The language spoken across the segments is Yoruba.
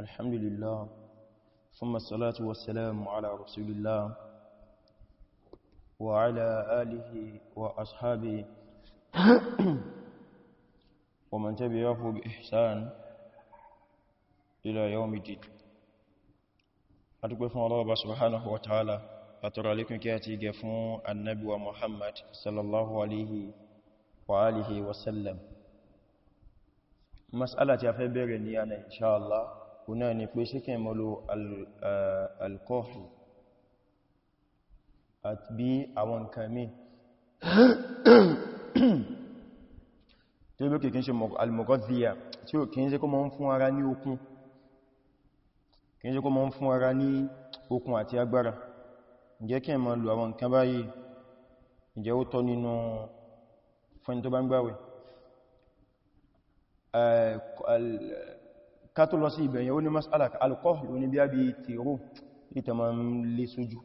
الحمد لله ثم الصلاة والسلام على رسول الله وعلى آله وأصحابه ومن تبعه بإحسان إلى يوم الدين أتقول الله سبحانه وتعالى أترى لكم كاتي قفون النبي ومحمد صلى الله عليه وآله وسلم مسألة يا فبرني أنا إن شاء الله náà ni pé ṣíkẹ́ ìmọ̀lò alkọ́ọ̀lù àti bí àwọn nǹkan mí tí ó lókè kí n ṣe almogọ́díyà tí ó kí n ṣe kó mọ́ ń fún ara ní okun kí n ṣe kó mọ́ ń fún ara ní okun àti agbára ǹjẹ́ kí ẹmọ lò àwọn nǹkan báyìí ǹjẹ́ ó tọ́ nínú fún tó bá ń gbáwẹ̀ ká tó lọ sí ìbẹ̀yẹ̀ ó ní masala alkohol ní bí a bí tèrò ìtẹ̀ ma ń lè sójú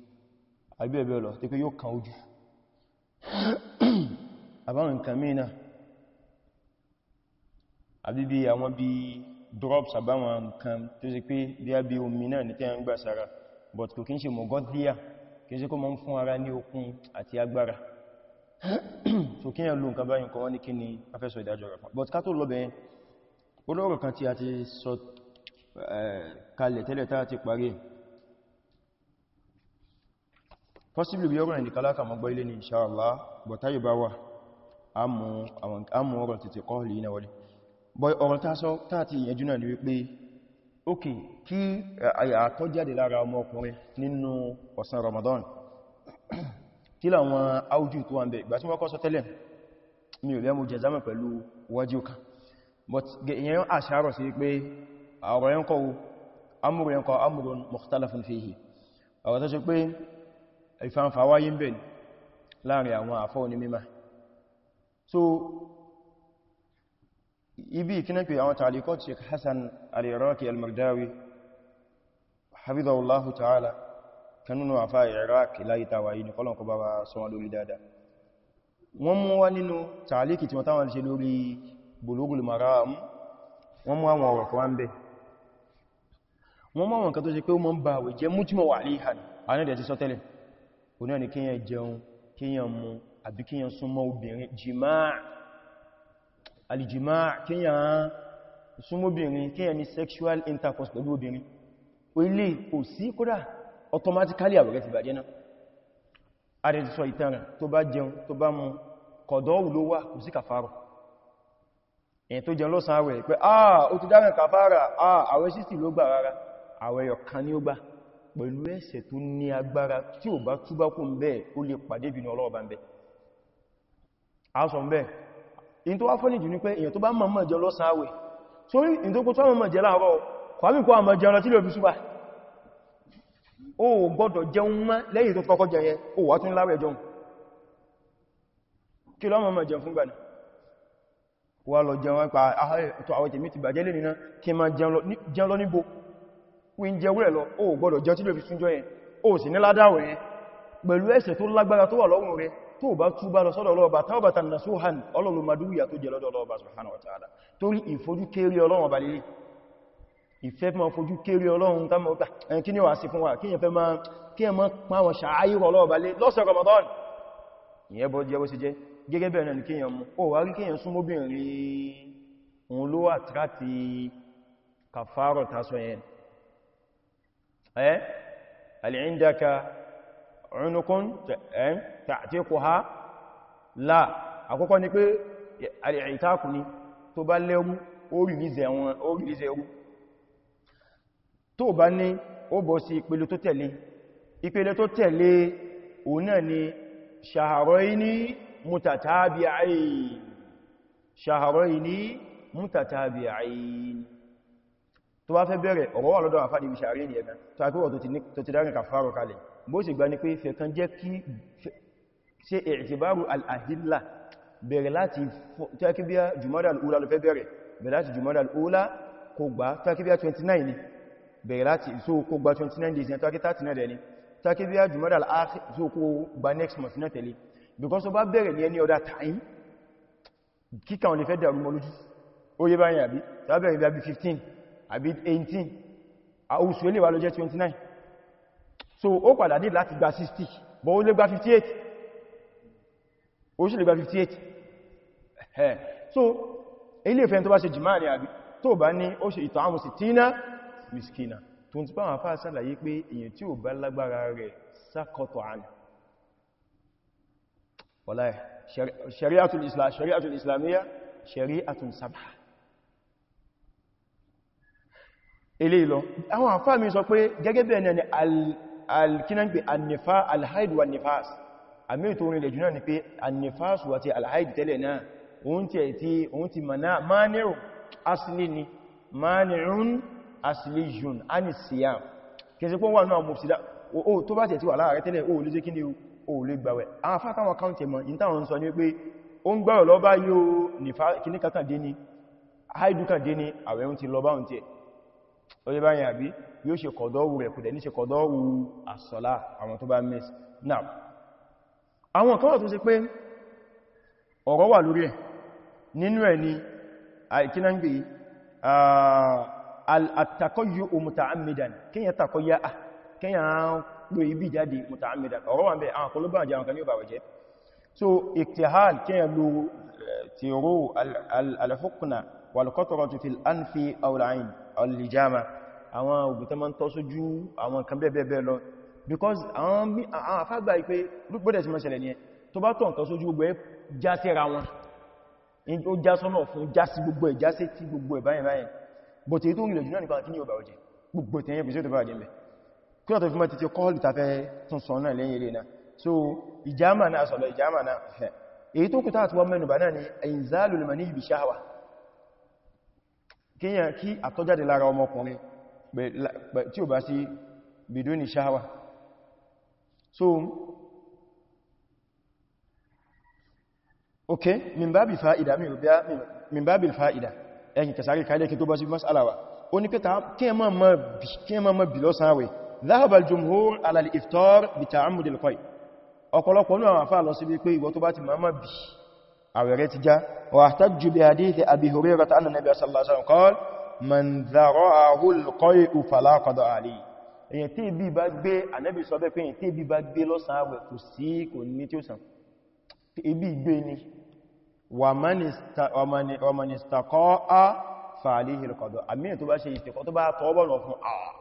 àbí ẹ̀bẹ̀ lọ tí pé yóò kan ojú àbáwọn nǹkan mìíràn àbí bí àwọn bí drops àbáwọn nǹkan tó sì pé bí a bí omi náà ní tẹ́yàn gbà sára but kò kí ń ṣe mọ̀gọ́díà kí ń ṣe kó mọ́ ń fún ara ní okun àti agbára so kí ń lo nǹkan báyìí kọ́ wọ́n ní kí ni afẹ́sọ̀ ìdájọ́ rẹ̀ but ká tó lọ olóòrùn kan tí a ti sọ kalẹ̀ tẹ́lẹ̀ tàà ti parí possibly bí ọgbọ̀n ìdíkà lákàmọ́gbọ́ ilé ni insha Allah bọ̀táyì bá wà ámù ọ̀rọ̀ títí kọ́ọ̀lì iná wọlé bọ́ ọ̀rọ̀ tásọ tààtì ìyẹnjú náà ni wípé ok kí àtọ́jáde lára ọmọ ọkùnrin nínú ọ̀sán Ramadan kí láwọn áújù tó wà ń bẹ̀ ìgbà tí wọ́n kọ́ sọ tẹ́lẹ̀ mi ò lẹ́mú jẹ zámẹ̀ pẹ̀lú wájú kan but ìyẹn yóò àṣàrọ̀ sí pé ọ̀rọ̀ yẹn kọ́ amúrù yẹn kọ́ amúrù mukhtalafun fihi ọ̀rọ̀ tó ṣe pé ìfàǹfà wáyé ń bẹ̀ láàrin àwọn àfọ́ ní mímá so ibi ìkínà pé àwọn tààlìkọ́ Sheikh Hasan al-Iraqi al-Mardawi hafidhahullahu ta'ala kanúnù àfá Iraq láyé tàwàyí ní kọ́lọ̀kọ́ bá wa sọ lórí dáadáa wọ́n mú wá nínú tààlìkì tí wọ́n táwọn ṣe lórí Bulughul Maram wọ́n mú àwọn ọ̀rọ̀ kan bẹ́ wọ́n mú àwọn kan tó ṣe pé ó mọ́ ń bá àwẹ̀ jẹ́ mújímọ̀ wà ní ìhàn anẹ́dẹ̀ ti sọ tẹ́lẹ̀ oní ọ̀nà kíyàn jẹun kíyàn mu àbí kíyàn súnmọ́ obìnrin jìmáà alìjìmáà kíyàn súnmọ́ obìnrin kíyàn ní sexual intercourse pẹ̀lú obìnrin ilé kò sí kódà automatically àwẹ̀ ti bàjẹ́ náà adẹ́ ti sọ ìtàn tó bá jẹun tó bá mu kọ̀dọ́wù ló wà kò si kàfàrọ̀ èyàn tó jẹ lọ́sàn àwẹ̀ pé ah o ti dáwọn kàfàrà ah àwẹ̀ sísì ló gbà rárá àwẹ̀ yọ̀kan ní ó gbà pẹ̀lú ẹ̀ṣẹ̀ tó ní agbára tí ò bá túbá kó ń bẹ́ẹ̀ ó lè pàdé ìbínú ọlọ́ọ̀bá ń bẹ́ asọ̀ ń bẹ́ in tó wá fọ́nì jù ní pé èyàn tó bá mọ̀mọ̀ jẹ lọ́sàn àwẹ̀ tó rí in tó kó wà lọ jẹun pa àtọ́ ah, eh, àwọn tèmi ti bàjẹ́ lè nìna kí ma jẹun lọ níbo wí ń jẹwúrẹ̀ lọ o gbọ́dọ̀ jẹun tí lè fi súnjọ yẹn o sì ní ládáwẹ̀ yẹn pẹ̀lú ẹ̀ṣẹ̀ tó lágbára tó wà lọ́wọ́ rẹ tó bá túbá lọ sọ́dọ̀ ọlọ́ọ̀bá tawbatan nasuhan ọlọ́run madúwìyà tó jẹ lọ́dọ̀ ọlọ́ọ̀bá subhanahu wa ta'ala torí ìfojú kéré ọlọ́run ọba lélẹ̀ ìfẹ́ ma fojú kéré ọlọ́run tá mọ́ ẹni kí ni wà sí fún wa kí yẹn fẹ́ ma kí yẹn mọ́ pàwọn ṣàáyí ọlọ́ọ̀bá lé lọ́sẹ̀ Ramadan ìyẹn bọ́ jẹ́ bó sì gẹ́gẹ́ bẹ̀rẹ̀ náà ní kíyàn mú ó wà rí kíyàn súnmọ́bìnrin òun ló wà tíráti kàfàárọ̀ tasọ yẹn ẹ́ alìíndaka ọ̀rùnukún tàtíkù ha láà àkọ́kọ́ ni pé alìítakù ni tó bá lẹ́rú ó rìlíze ẹrú tó bá ní ó bọ́ sí ìpele tó tẹ̀lé ìpele tó tẹ̀lé òun náà ni ṣàhàrọ̀ yìí متتابعين شهرين متتابعين tó bá fẹ́ bẹ̀rẹ̀ ọ̀rọ̀ wà lọ́dọ̀ àfáàdì ibi ṣàrí ní ẹ̀kan tó àpíwọ̀ tó ti dárin kàfàrọ̀ kalẹ̀ bó sì gbá ní pé fẹ̀kan jẹ́ kí ṣe ìrìtìbáru al'ahìlá bẹ̀rẹ̀ láti takibiyya jùmọ́dà al'ula lọ fẹ́ bẹ̀rẹ̀ 29 ni bẹ̀rẹ̀ láti 29 days ni takibiyya 39 ni takibiyya jùmọ́dà al'akhir so because ó bá bẹ̀rẹ̀ ní any other time kíkà wọn lè fẹ́ dàrú mọ́ lójú ó yé báyìí àbí tó bẹ̀rẹ̀ bí i 15 àbí 18 oṣù ilé wa ló jẹ́ 29 so ó padà dé láti gba 60 but ó lè gba 58 ó sì lè gba 58 so ilé ìfẹ́ tó bá ṣe jìmáà ní àbí tó bá ní ó ṣe ìtọ́ miskina tó ń ti bá wọn fà sálàyé wallahi shari'atul islam shari'atul islamiyya shari'atun sabha ilé ìlọ àwọn àfáà mi sọ pé gẹ́gẹ́ bẹ̀rẹ̀ ni alkinagbe annifa alhaid wa nifas àmì ìtò orin lẹ́jù náà ni pé annifas wà ti alhaid tẹ́lẹ̀ náà oun ti ẹ̀tí oun ti mana mani'un asili ni mani'un asili yun a ni siyam kẹsẹ̀kọ́ wà náà mọ̀ sídá o lè gbàwẹ̀ àwọn afákàwọn káùntì mọ̀ ní táwọn sọ ní pé o ń gbàwẹ̀ lọ bá yóò nífà kìní kankan dé ní àìdúkàn dé ní àwẹ̀ ń ti lọ bá ń tẹ́ o lè báyìí àbí yóò ṣe kọ̀dọ́wù rẹ̀ kùdẹ̀ ní ṣe kọ̀dọ́wù àsọ̀lá àwọn ló ibi jáde muta'ammida ọ̀rọ̀ wà ń bẹ àwọn kọlọ́bà jẹ́ àwọn kan ní ọbàwẹ̀ jẹ́ so iktihal kíyàn lo eh, tero alfukna walqatratu fil anfi awla'in alijama àwọn ogun tó máa ń tọ́sójú àwọn kan bẹ́ẹ̀bẹ́ẹ̀ lọ because àwọn afágbà ipé gbọ́dẹ̀ sí máa ṣẹlẹ̀ ní ẹ tó bá tọ́ nǹkan sójú gbogbo ẹ já síra wọn ó já sọ́nà fún já sí gbogbo ẹ̀ já sí ti gbogbo ẹ̀ kí wọ́n tó fi mọ́ títí kọ́ọ̀lù tafẹ́ tún náà lẹ́yìn ilé náà so ìjámà náà sọ̀lọ̀ ìjámà náà fẹ́ èyí tó kùtà àti wọ́n mẹ́nubà náà ni ẹ̀yìnzálù lè mẹ́ni ibi ṣáwà kíyàn kí àtọ́jáde lára ọmọkùnrin tí ó bá sí bìdó ní ṣáwà so ok minbabi fa'ida minbabi fa'ida ẹ̀yìn kẹsàrí kalẹ̀ kí tó bá sí masalawa ó ní pẹ́ta kí ẹ mọ́ mọ́ bì lọ́sàn ذهب الجمهور على الإفطار بتعمد القيء ọ̀pọ̀lọpọ̀ ní àwọn àfáà lọ sí wípé ìwọ tó bá ti máa bí àwẹ̀rẹ̀ ti já واحتج بحديث أبي هريرة أن النبي صلى الله عليه وسلم قال من ذرعه القيء فلا قضاء عليه èyàn tí ibi bá gbé ànẹ́bì sọ bẹ́ẹ̀ pé èyàn tí ibi bá gbé lọ́sàn àwẹ̀ kò sí kò ní tí ó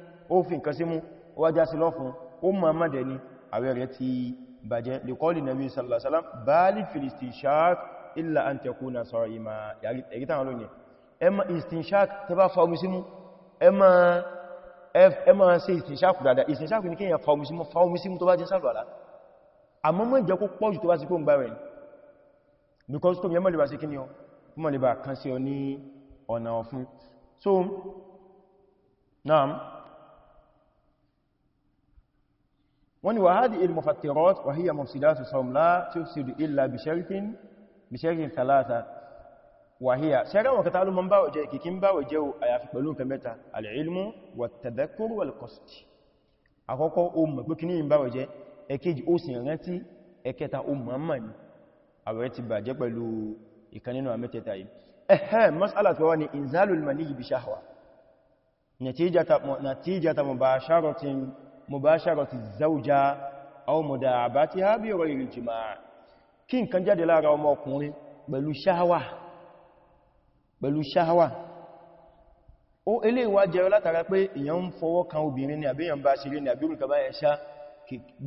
ó fi nǹkan sí mú ó wájá sí lọ́fún ó mọ̀ mọ́dẹ̀ ní àwẹ̀ rẹ̀ ti bàjẹ́ bali fil istinshaq illa an takuna sa'ima ma istinshaq tẹ bá fọ́gùn sí mú ẹ ma ṣe istinshaq dada istinshaq ní kíyàn fọ́gùn sí mú fọ́gùn sí mú tó bá jẹ́ sálùwàlá àmọ́ mọ́ jẹ́ kó pọ̀jù tó bá sí kó ń gbá rẹ̀ because tó mẹ́mọ́ lè bá sí kí ni ọ mọ́ lè bá kan sí ọ ní ọ̀nà ọ̀fún so naam wọ́n ni وهذه المفطرات وهي مفسدات الصوم لا تفسد إلا بشرط بشرط ثلاثة وهي شرع وكتال من باو جاي كيكين باو جاو àyàfi pẹ̀lú nǹkan mẹ́ta العلم والتذكر والقصد àkọ́kọ́ ó mọ̀ pé kíní ìbáwẹ̀ jẹ́ ẹ̀kejì ó sì rántí ẹ̀kẹta ó mọ̀mọ̀ ní àwẹ̀ ti bà jẹ́ pẹ̀lú ìkan nínú àmẹ́tẹta yìí ẹ̀hẹ́ mas'ala tó wá ní inzalul mani bi shahwa natijata mubasharatin mubasharati zawja aw muda'abatiha bi ghayri jima' kí nǹkan jáde lára ọmọ ọkùnrin pẹ̀lú ṣáhàwà pẹ̀lú ṣáhàwà ó ilé ìwà jẹ́ látara pé èyàn ń fọwọ́ kan obìnrin ni àbíyàn bá ṣeré ni àbíyàn kaba ẹ̀ṣá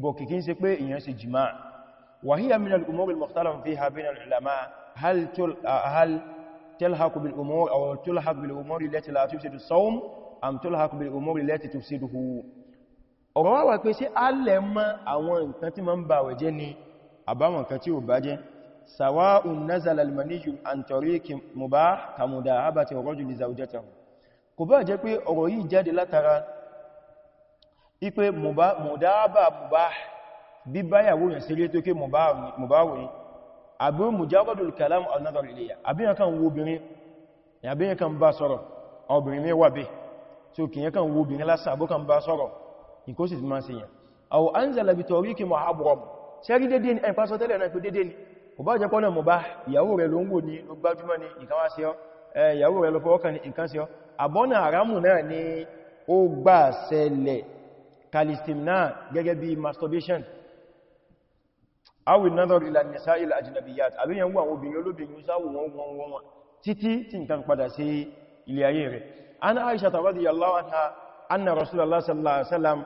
bọ̀ kìkín sí pé èyàn ṣe jìmá wa hiya min al-umur al-mukhtalaf fiha bayna al-ulama hal tulhaqu bil-umur aw tulhaqu bil-umur allati la tufsidu sawm am tulhaqu bil-umur allati tufsiduhu ọ̀rọ̀ wá wà pé ṣé a lè mọ̀ àwọn nǹkan tí ma ń bà wẹ̀ jẹ́ ni àbáwọn nǹkan tí ò bá jẹ́ sawa'un nazala al-maniyyu an tariqin mubah ka mudahabati ar-rajuli li zawjatihi kò bá jẹ́ pé ọ̀rọ̀ yìí jáde látara ipé mudahaba mubah bí kalam an-nazar ilayha àbíyàn kan wo obìnrin àbíyàn kan bá sọ̀rọ̀ obìnrin mẹ́wàá bẹ́ tí ó kìyàn bá nǹkan sì máa ṣèyàn àwọn anzala bi tawriki muhabram sẹ́rí dédé ní ẹ̀pá sọ tẹ́lẹ̀ náà pé dédé ni kò bá jẹ́ pọ́nà mọ̀bá ìyàwó rẹ̀ ló ń wò ní gbájúmọ́ ní nǹkan wá sí ọ ìyàwó rẹ̀ ló fọwọ́kàn ní nǹkan sí ọ àbọ́nà àrámù náà ni ó gbà ṣẹlẹ̀ kalistimna gẹ́gẹ́ bí masturbation awi nadhar ila nisa ila ajnabiyat àbí yẹn wọ àwọn obìnrin olóbìnrin sáwò wọn wọn wọn títí tí nǹkan padà sí ilé ayé rẹ̀ an aisha radiyallahu anha anna rasulullah sallallahu alaihi wasallam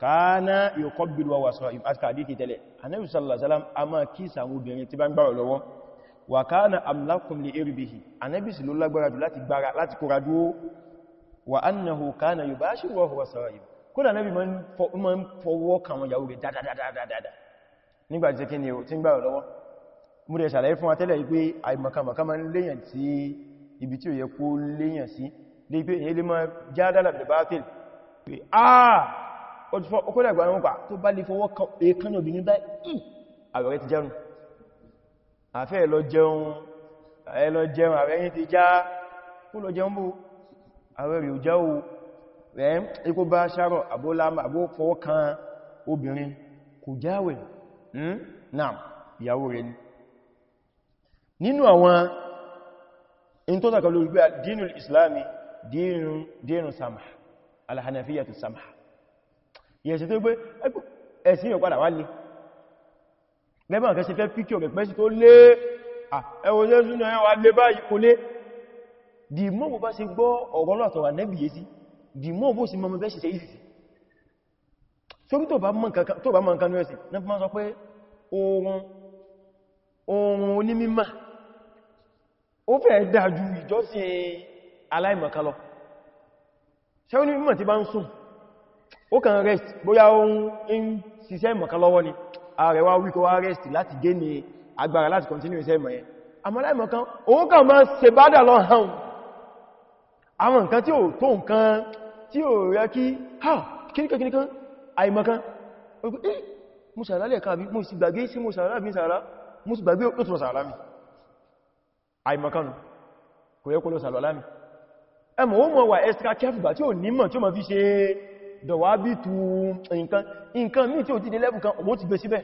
kana yuqabbilu wa wasa'ib àti hadithi tẹ́lẹ̀ anabi sallallahu alaihi wasallam a máa kisa àwọn obìnrin tí bá ń gbára lọ́wọ́ wa kana amlakum li irbihi anabi sì ló lágbára jù láti gbára láti kóra dúó wa annahu kana yubashiru wa huwa sa'ib kódà anabi ma ń fọwọ́ kan wọn yàwó rẹ̀ dáadáa nígbà tí kí ni o ti ń gbára lọ́wọ́ mú rẹ̀ ṣàlàyé fún wa tẹ́lẹ̀ pé àìmọ̀kàmọ̀ká ma ń léyàn ibi tí ó yẹ kó léyàn sí lè pé èyí lè máa jádàlà bẹ̀rẹ̀ bá pé àà ọkọ̀ ìgbà àwọn ọkọ̀ tó bá lè fọwọ́ kan obìnrin báyìí hmm, àwẹ̀rẹ̀ ti jẹun àfẹ́ lọ jẹun ẹlọ jẹun àwẹ̀rẹ̀ ti já kó lọ jẹun bó àwẹ̀rẹ̀ ò já o rẹ̀ ikú bá ṣàrọ̀ àbólàmà àbó fọwọ́ kan obìnrin kò jáwẹ̀ hmm, náà ìyàwó rẹ̀ ni nínú àwọn in tó tàkà lórí gbé dínú islami dínú dínú samah alhanafiya tó samha yẹ̀sì tó gbé ẹ̀sìn yóò padà wá lè lẹ́bàá kẹsì fẹ́ píkì ọ̀gẹ̀ pẹ́sì tó lé ẹwọ jésù náà wà lè báyìí kò lé dìmọ́ bó bá ṣe gbọ́ ọ̀rọ̀ lọ́tọ̀ wà nẹ́bì yẹsí dìmọ́ bó sì mọ́mọ́ bẹ́sì ṣe ìsì sórí tó bá mọ́ nǹkan rẹ̀ sí náà fún sọ pé oòrùn onímímà ó fẹ́ dájú ìjọsìn aláìmọ̀kan lọ ṣe ó ní mímọ̀ tí bá ń sùn ó kàn rest bóyá ohun in ṣiṣẹ́ ìmọ̀ká lọ́wọ́ ni ààrẹ wá wíkọ wá rest láti gé ní agbára láti continue iṣẹ́ ìmọ̀ yẹn àmọ́ láìmọ̀kan kàn máa ṣe bádà lọ hàn àwọn nǹkan tí ó tó nǹkan tí ó rẹ kí ha kíníkankíníkan àìmọ̀kan eh, mo sàrá lẹ́ẹ̀kan àbí mo sì gbàgbé sí mo sàrá àbí sàrá mo sì gbàgbé ó tún sàrá ẹmọ̀ ó mọ̀ wà extra careful bá tí ò nímọ̀ tí ó mọ̀ fi ṣe dọ̀wà bí tu nǹkan nǹkan míì tí ò ti dé level kan òun ti gbé síbẹ̀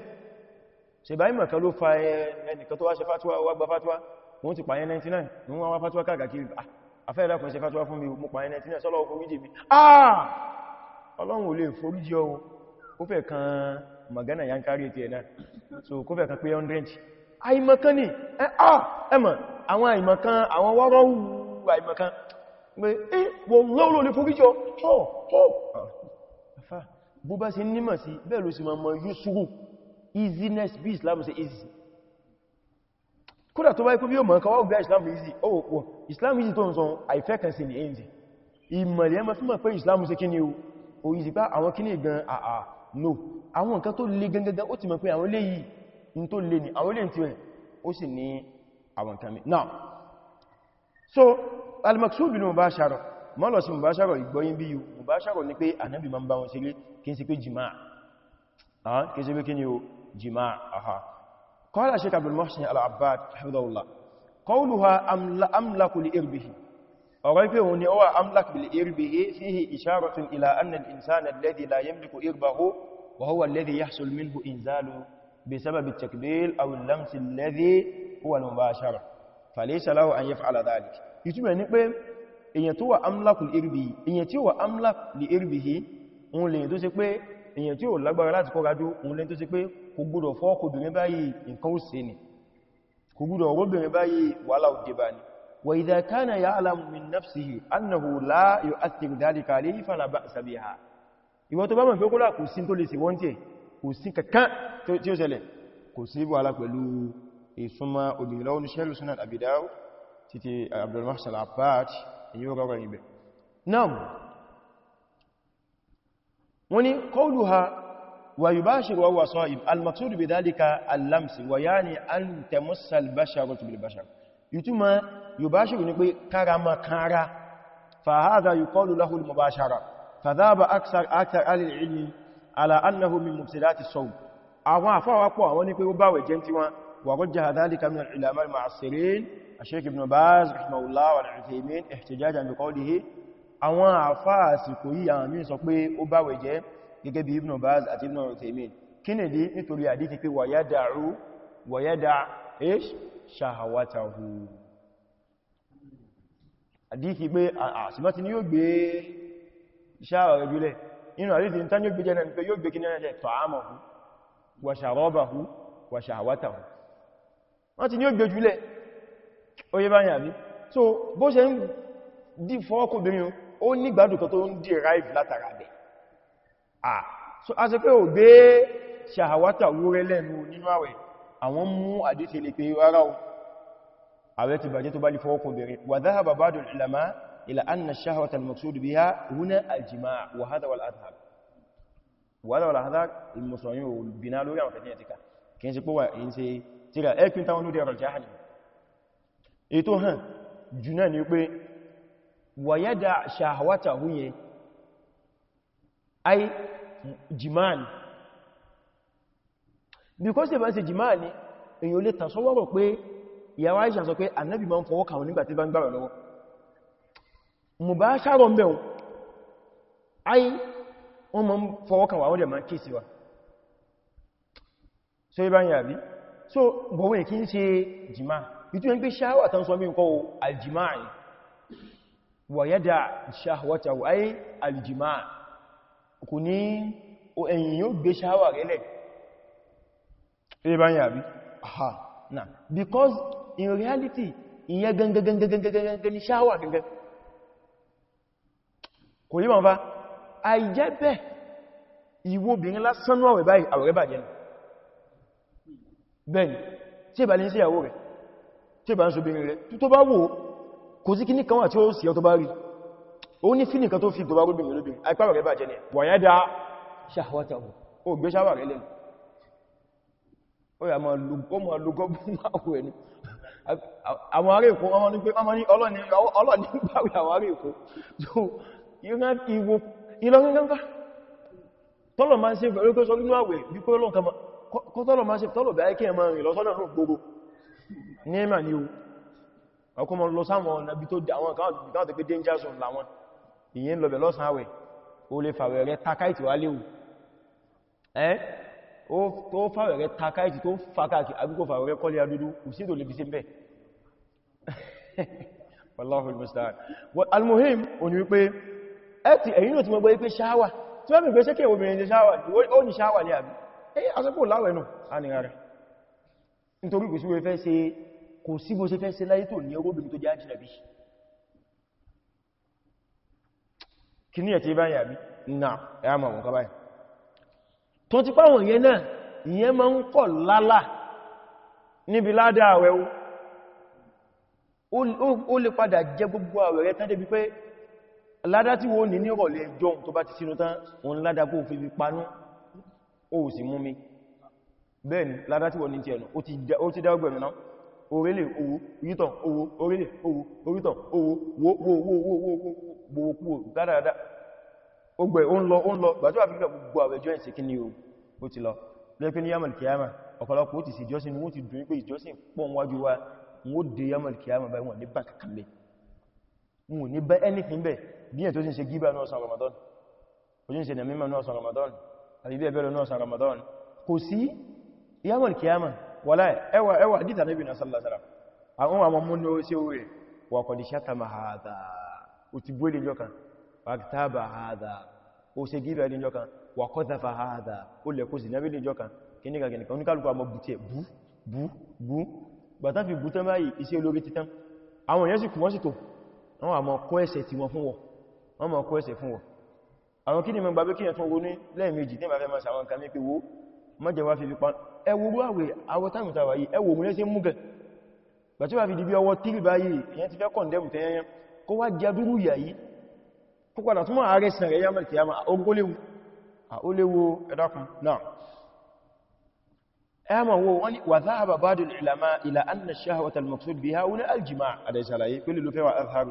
ṣe mọ̀kan ló fa ẹnìkan tó wá ṣe fatuwa wá gba fatuwa wọ́n ti pààyẹ 99 wọ́n wá wá fatuwa káàkiri afẹ́ẹ̀dá kan ṣe fatuwa fún mi mo pààyẹ ah ọlọ́run ò lè foríjì magana ya ń so kó fẹ́ kan pé 100 àìmọ̀kan ni ẹmọ̀ àwọn àìmọ̀kan àwọn wọ́rọ̀ àìmọ̀kan pé eh wọ́n lọ́wọ́ lè fún kíjọ tọ́ tọ́ àfá bó bá ṣe nímọ̀ sí bẹ́ẹ̀ ló sì máa mọ̀ yóò ṣúrù easiness bí Islam ṣe easy kódà tó bá ikú bí o mọ̀ kọwàá gbá Islam easy ó pọ̀ Islam easy tó ń sọ àìfẹ́ kan sí ní ẹ̀yìn ìmọ̀lẹ̀ ẹmọ fún pé Islam ṣe kí ni o easy pá àwọn kí ní gan àà no àwọn nǹkan tó le gangan ó ti mọ̀ pé àwọn lè yìí ní tó le ni àwọn lè ti rẹ̀ ó sì ní àwọn kan mi now so almaksudu ni mubasharo ma lọ sí mubasharo ìgbọ́yìn bí i mubasharo ni pé ànábì ma ń bá wọn ṣeré kí n sí pé jima ah kí n sí pé kí ni o jima aha qala shaykh Abdul Muhsin al-Abbad hafidhahullah qawluha amlaku li irbihi ọ̀rọ̀ ipe òun ni ọwà amlak bil irbihi fihi isharatun ila anna al-insana alladhi la yamliku irbahu wa huwa alladhi yahsul minhu inzalu بسبب التكبير أو اللمس الذي هو المباشرة فليس له أن يفعل ذلك ìtumẹ̀ ní pé èyàn tó wà amlak lè irbi èyàn tí ó wà amlak lè irbi hì òun lè tó ṣe pé èyàn tí ó lágbára láti kọ́ rájú òun lè tó ṣe pé kò gbọ́dọ̀ fọ́kòbìnrin ni kò gbọ́dọ̀ ọgbọ́bìnrin báyìí wàhálà òdé bá ni wa idha kana ya'lamu min nafsihi la yu'athiru dhalika alayhi fala ba'sa biha ìwọ́n tó bá mọ̀ pé kó lákò sí tó lè ṣe wọ́n tí pẹ̀lú ìsúnmọ́ obìnrin lọ́wọ́ ní ṣẹ́lùsúnà àbìdáwó títí abdulmahsan apat èyí ó rọrọ ìbẹ̀ náà wọ́n ni qawluha wa yubashiru wa sa'ib al-maqsud bi dhalika al-lams wa yani an tamassa al-basharatu bil-bashar ìtumọ̀ yubashiru ní pé karamakara fa hadha yuqalu lahu al-mubashara fa dhaba akthar akthar al àwọn àfáwàpọ̀ àwọn ní pé ó báwẹ̀ jẹ́ tí wọ́n ورجح ذلك من العلماء المعاصرين الشيخ ابن باز رحمه الله والعثيمين احتجاجا بقوله àwọn àfáà àsìkò yìí àwọn mí sọ pé ó báwẹ̀ jẹ́ gẹ́gẹ́ bí ibn Baz àti ibn Uthaymin kí ni dí nítorí àdíkì pé wàyádàrú wàyádà ish shahawatahu àdíkì pé àṣìmọ́tí ni yóò gbé ṣáwà jùlẹ̀ inú àdíkì tán yóò gbé wọ́n ti ní ó gbójúlẹ̀ oye báyìí àbí so bó ṣe ń dí fún ọkùnrin ó ní gbádùkọ tó ń derive látara bẹ̀ ah so a ṣe pé ò gbé ṣàhàwátà wúrẹ́ lẹ́nu nínú àwẹ̀ àwọn mú àdíṣe lè pé ara o àwẹ̀ ti bàjẹ́ tó bá lè fún ọkùnrin wa dhahaba ba'du al-ulama ila anna ash-shahwata al-maqsud biha huna kìí ṣe pọ́wà ìyí tíra ẹ́pín táwọn lórí ọ̀rọ̀ jáhàlì ètò hàn jù náà ni pé wàyádà ṣàhàwátà húyẹ ai jimani bí kó sì bá ṣe jimani èyàn lè tàn pé ìyàwó Àìṣà sọ pé annabi ma ń fọwọ́ kàwọn nígbàtí bá ń gbàrà lọ́wọ́ mù bá ṣàrọ̀ mẹ́un ai ma ma wa so ibá so bọ̀wọ̀n kí ń ṣe jìmá ìtú ẹgbẹ́ ṣáwà tán sọ mí kọ́ aljìmá wà yẹ́dà ṣáwàtà wà áyé aljìmá kò ní ẹ̀yìn yóò gbé ṣáwà rẹ̀lẹ̀ ẹbá yàbí aha na because in reality ìyẹ́ gangangangangangangangan ni ṣáwà gangan kò yí mọ̀ fa àìjẹ́ bẹ́ ìwòbìnrin lásánú àwẹ̀ báyìí àwẹ̀ bàjẹ́ náà bẹ́ẹ̀ni tí ìbà lè ń sí ìyàwó rẹ̀ tí ìbà ń so obìnrin rẹ̀ tó bá wò kò sí kíní kan wà tí ó sì ọ̀tọ̀ bá rí ó ní fílì kan tó fi ìdọ̀bá róbìnrin lóbìnrin àìpàrọ̀ rẹ̀ bà jẹ́ ní wọ̀nyẹ́dá ṣàwọ́tàwò ó gbé ṣàwà rẹ̀ lẹ́nu ó yà máa lùgọ́bùn máwò ẹni àwọn ará èkó ọmọ ní pé ọmọ ní ọlọ́ni báwẹ̀ àwọn ará èkó ìlọrin gánfà tọ́lọ̀ máa ń ṣe pẹ̀lú kó kó tọ́lọ̀ máa ṣe tọ́lọ̀ bẹ̀ẹ́ kí ẹ máa rìn lọ́sọ́nà ní gbogbo ní ẹ̀mà ni o ọkọ́ mọ́ lọ sáwọn ọ̀nàbí tó dáwọn káwọn tó pé danger zone láwọn ìyẹn lọ bẹ̀ lọ́sàn o lè fàwẹ̀ o tó fàwẹ̀ rẹ takáìtì tó fàkàkì àbíkò fàwẹ̀ rẹ kọ́lé adúdú kò sí tó lè fi sí bẹ́ wallahu al-musta'an al ti ẹ̀yìn náà ti mọ́ gbọ́ wípé ṣáwà tí wọ́n mi gbé ṣẹ́kẹ̀ obìnrin ṣáwà ó ní ṣáwà ní àbí eh asẹ́pọ̀ láwẹ̀ náà a ní rárá nítorí kò sí wọ́n fẹ́ se kò sí se ṣe fẹ́ ṣe láyé tó ní ọgbóbìnrin tó jẹ́ àjìnàbí kí ní ẹ̀tí báyà bí na ẹ̀yàmà wọn kábáyà tó ti páwọn yẹn náà ìyẹn máa ń kọ̀ lálà níbi ládá àwẹ̀ ó lè padà jẹ gbogbo àwẹ̀ rẹ̀ tán débi pé ládá tí wọ́n ní ní ìrọ̀lẹ́ jọun tó bá ti sínú ó sì mú mi bẹ́ẹ̀ni ládá tí wọ́n ní ti ẹ̀nà ó ti dágbẹ̀ mìíràn orílẹ̀ owó orítàn owó orílẹ̀ owó orítàn owó wọ́wọ́wọ́wọ́wọ́wọ́wọ́wọ́ dáadáa ó gbẹ̀ ó ń lọ ó ń lọ gbàtíwà fífẹ́ gbogbo àwẹjọ́ ẹ̀sẹ̀ kí ni o ó ti lọ lẹ́pẹ́ ní yamal kiyama ọ̀pọ̀lọpọ̀ ó ti sì jọ́sìn wọ́n ti dùn pé ìjọ́sìn pọ̀ wájú wa wọ́n dé yamal kiyama báyìí wọ́n ní bá kankan bẹ́ wọ́n ní bá anything bẹ́ bí ẹ̀ tó ti ń ṣe gíbà náà sàn Ramadan ó ti Ramadan àti bẹ́ẹ̀ bẹ́ẹ̀ lọ́nà Ramadan kò sí yamul kiyama wọ́lá ẹwà ẹwà dìtà níbi na sallasara àwọn àwọn múnú sí orí wà kọ̀dí ṣata ma haza o ti bóòlì jọkan pàtàbà haza o se gíbẹ̀ ní jọkan wà kọ́zafa haza o lè kó sí náà bí jọkan kíníkà kíníkà oníkàlùkù àmọ́ bùtẹ̀ bú bú àwọn kí ni mọ̀ gbàgbé kíyàn tún ronú lẹ́ẹ̀mejì ní ìbàfẹ́ máa sàwọn kan ní pé wo mọ́jẹ̀wá fi fipá ẹwòrú àwẹ̀ àwọ̀ táìmùta wà yìí ẹwò múlẹ́ sí mú gẹ̀ gbàtí wà fi dìbí ọwọ́ tírì báyìí èyàn ti fẹ́ kọ̀ndẹ̀bù tẹ́yẹn kó wá jẹ́ dúrú yà yìí kó padà túnmọ̀ ààrẹ sàn rẹ̀ yàmà kìyàmà ogóléwu àóléwu ẹ̀dàkùn náà ẹmà wo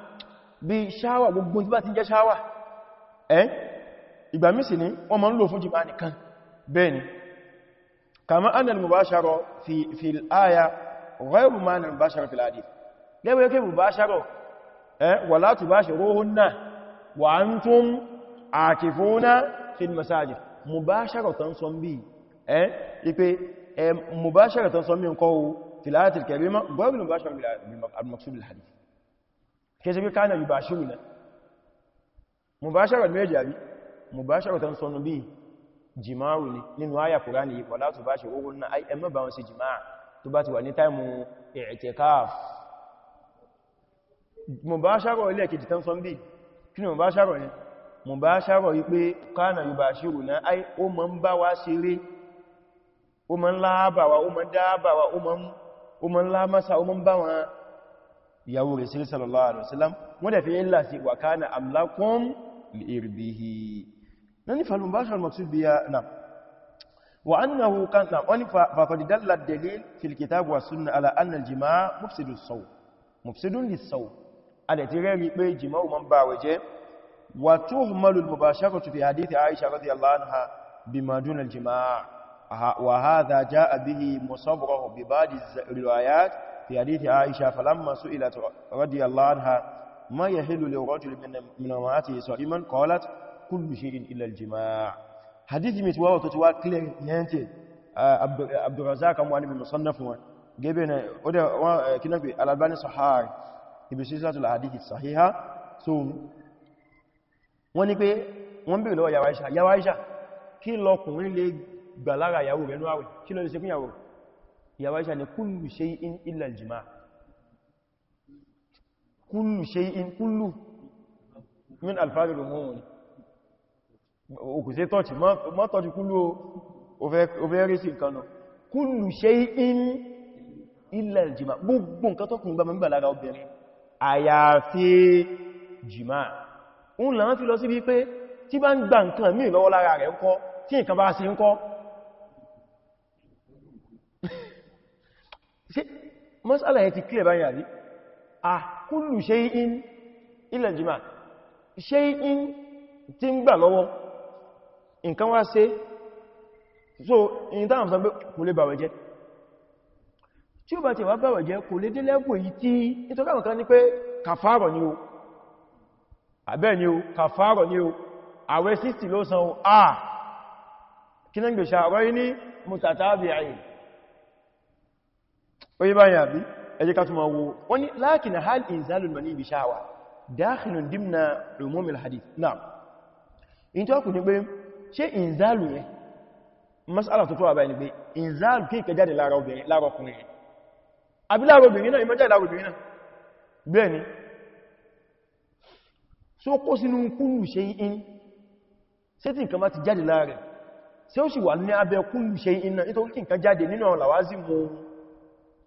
bí ṣáwà gbogbo tí bá ti jẹ́ ṣáwà ẹ́ ìgbàmísì ni wọ́n ma ń lò fún jìmá nìkan bẹ́ẹ̀ ni kama annal mubasharo fi al'aya ghayru ma annal mubasharo fi al'adif gẹ́gbẹ́ yake mubasharo ẹ́ wala tubashiruhunna wa antum akifuna fil masajid mubasharo tan son bi ẹ́ ipe mubasharo tan son bi kí ṣe pé káàna yìí bá ṣírù náà mubashara méjì àbí mubashara tán sọnù bí jima'u ni nínú àyà Kùránì yìí wala tubashiruhunna ay ẹ má bá wọn sí jima'a tó bá ti wà ní táìmù i'tikaf mubashara ilé kejì tán sọ bí kí ni mubashara ni mubashara yìí bá ṣírù náà ay ó ma ń bá wa ṣeré ma ń láàbàwà ó ma ń dáàbàwà ó ma ma ń bá wọn ìyàwó rẹ̀ sallallahu alaihi wasallam wadda fi yin lati wà kánà amlakum li irbihi na ní falmubashar maksud biya na wa annahu kan na wani faqad dalla dalil filkita wa suna ala anna al jima' mufsidu saw mufsidun lissau a da tirari pé jima'u man ba waje wa tuhmalu al mubasharatu fi hadith aisha radiyallahu anha bima dun al jima' wa hadha jaa bihi musawwaru bi ba'd al riwayat في حديث عائشة فلما سئلت رضي الله عنها ما يحل لرجل من امرأته صائما قالت كل شيء إلا الجماع حديث متواو تتوا كلير نانتي عبد الرزاق امواني من مصنف جبنا وده كنا في الألباني صحار ibi sísílátù l'àdíkì sàhíhá so wọ́n ní pé wọ́n bèèrè lọ́wọ́ yàwáíṣà yàwáíṣà kí lọkùnrin lè gbà lára ìyàwó rẹ̀ ní kí ló lè rẹ̀ ìyàwó Aisha ni kullu shay'in illa al-jima' kullu shay'in kullu min alfáàrí lòmọ́wọ̀n òkùsẹ́ tọ́ọ̀tì mọ́ tọ́ọ̀tì kullu ovẹ́rí sí nǹkan náà kullu shay'in illa al-jima' gbogbo nǹkan tó kùn gbàmọ́ gbàlára obìnrin àyàfi jìmá ń lànà fi lọ sí bí pé tí bá ń gbà nǹkan míì lọ́wọ́ lára rẹ̀ ń kọ́ tí nǹkan bá ṣe ń kọ́ ṣe masala yẹn ti clear báyìí àrí à kullu shay'in illa al-jima' shay'in tí ń gbà lọ́wọ́ nǹkan wá ṣe so in táwọn sọ pé kò lè bàwẹ̀ jẹ́ tí ó bá ti wá bàwẹ̀ jẹ́ kò lè dé lẹ́gbò yìí tí nítorí àwọn kan ní pé kàfàrọ̀ ni o àbẹ́ ni o kàfàrọ̀ ni o àwẹ̀ 60 ló san o oye báyìí àbí ẹjẹ́ ká túnmọ̀ wo wọ́n ni láàkínà hal inzalul mani bi shawa dákìlùn dimna umumil hadith náà in tó kù ní pé ṣe inzalu yẹn masala tó tó wà báyìí ni pé inzalu kí ìkẹ jáde lára obìnrin lára ọkùnrin yẹn àbí lára obìnrin náà ìmọ́jáde lára obìnrin náà bẹ́ẹ̀ ni so kó sínú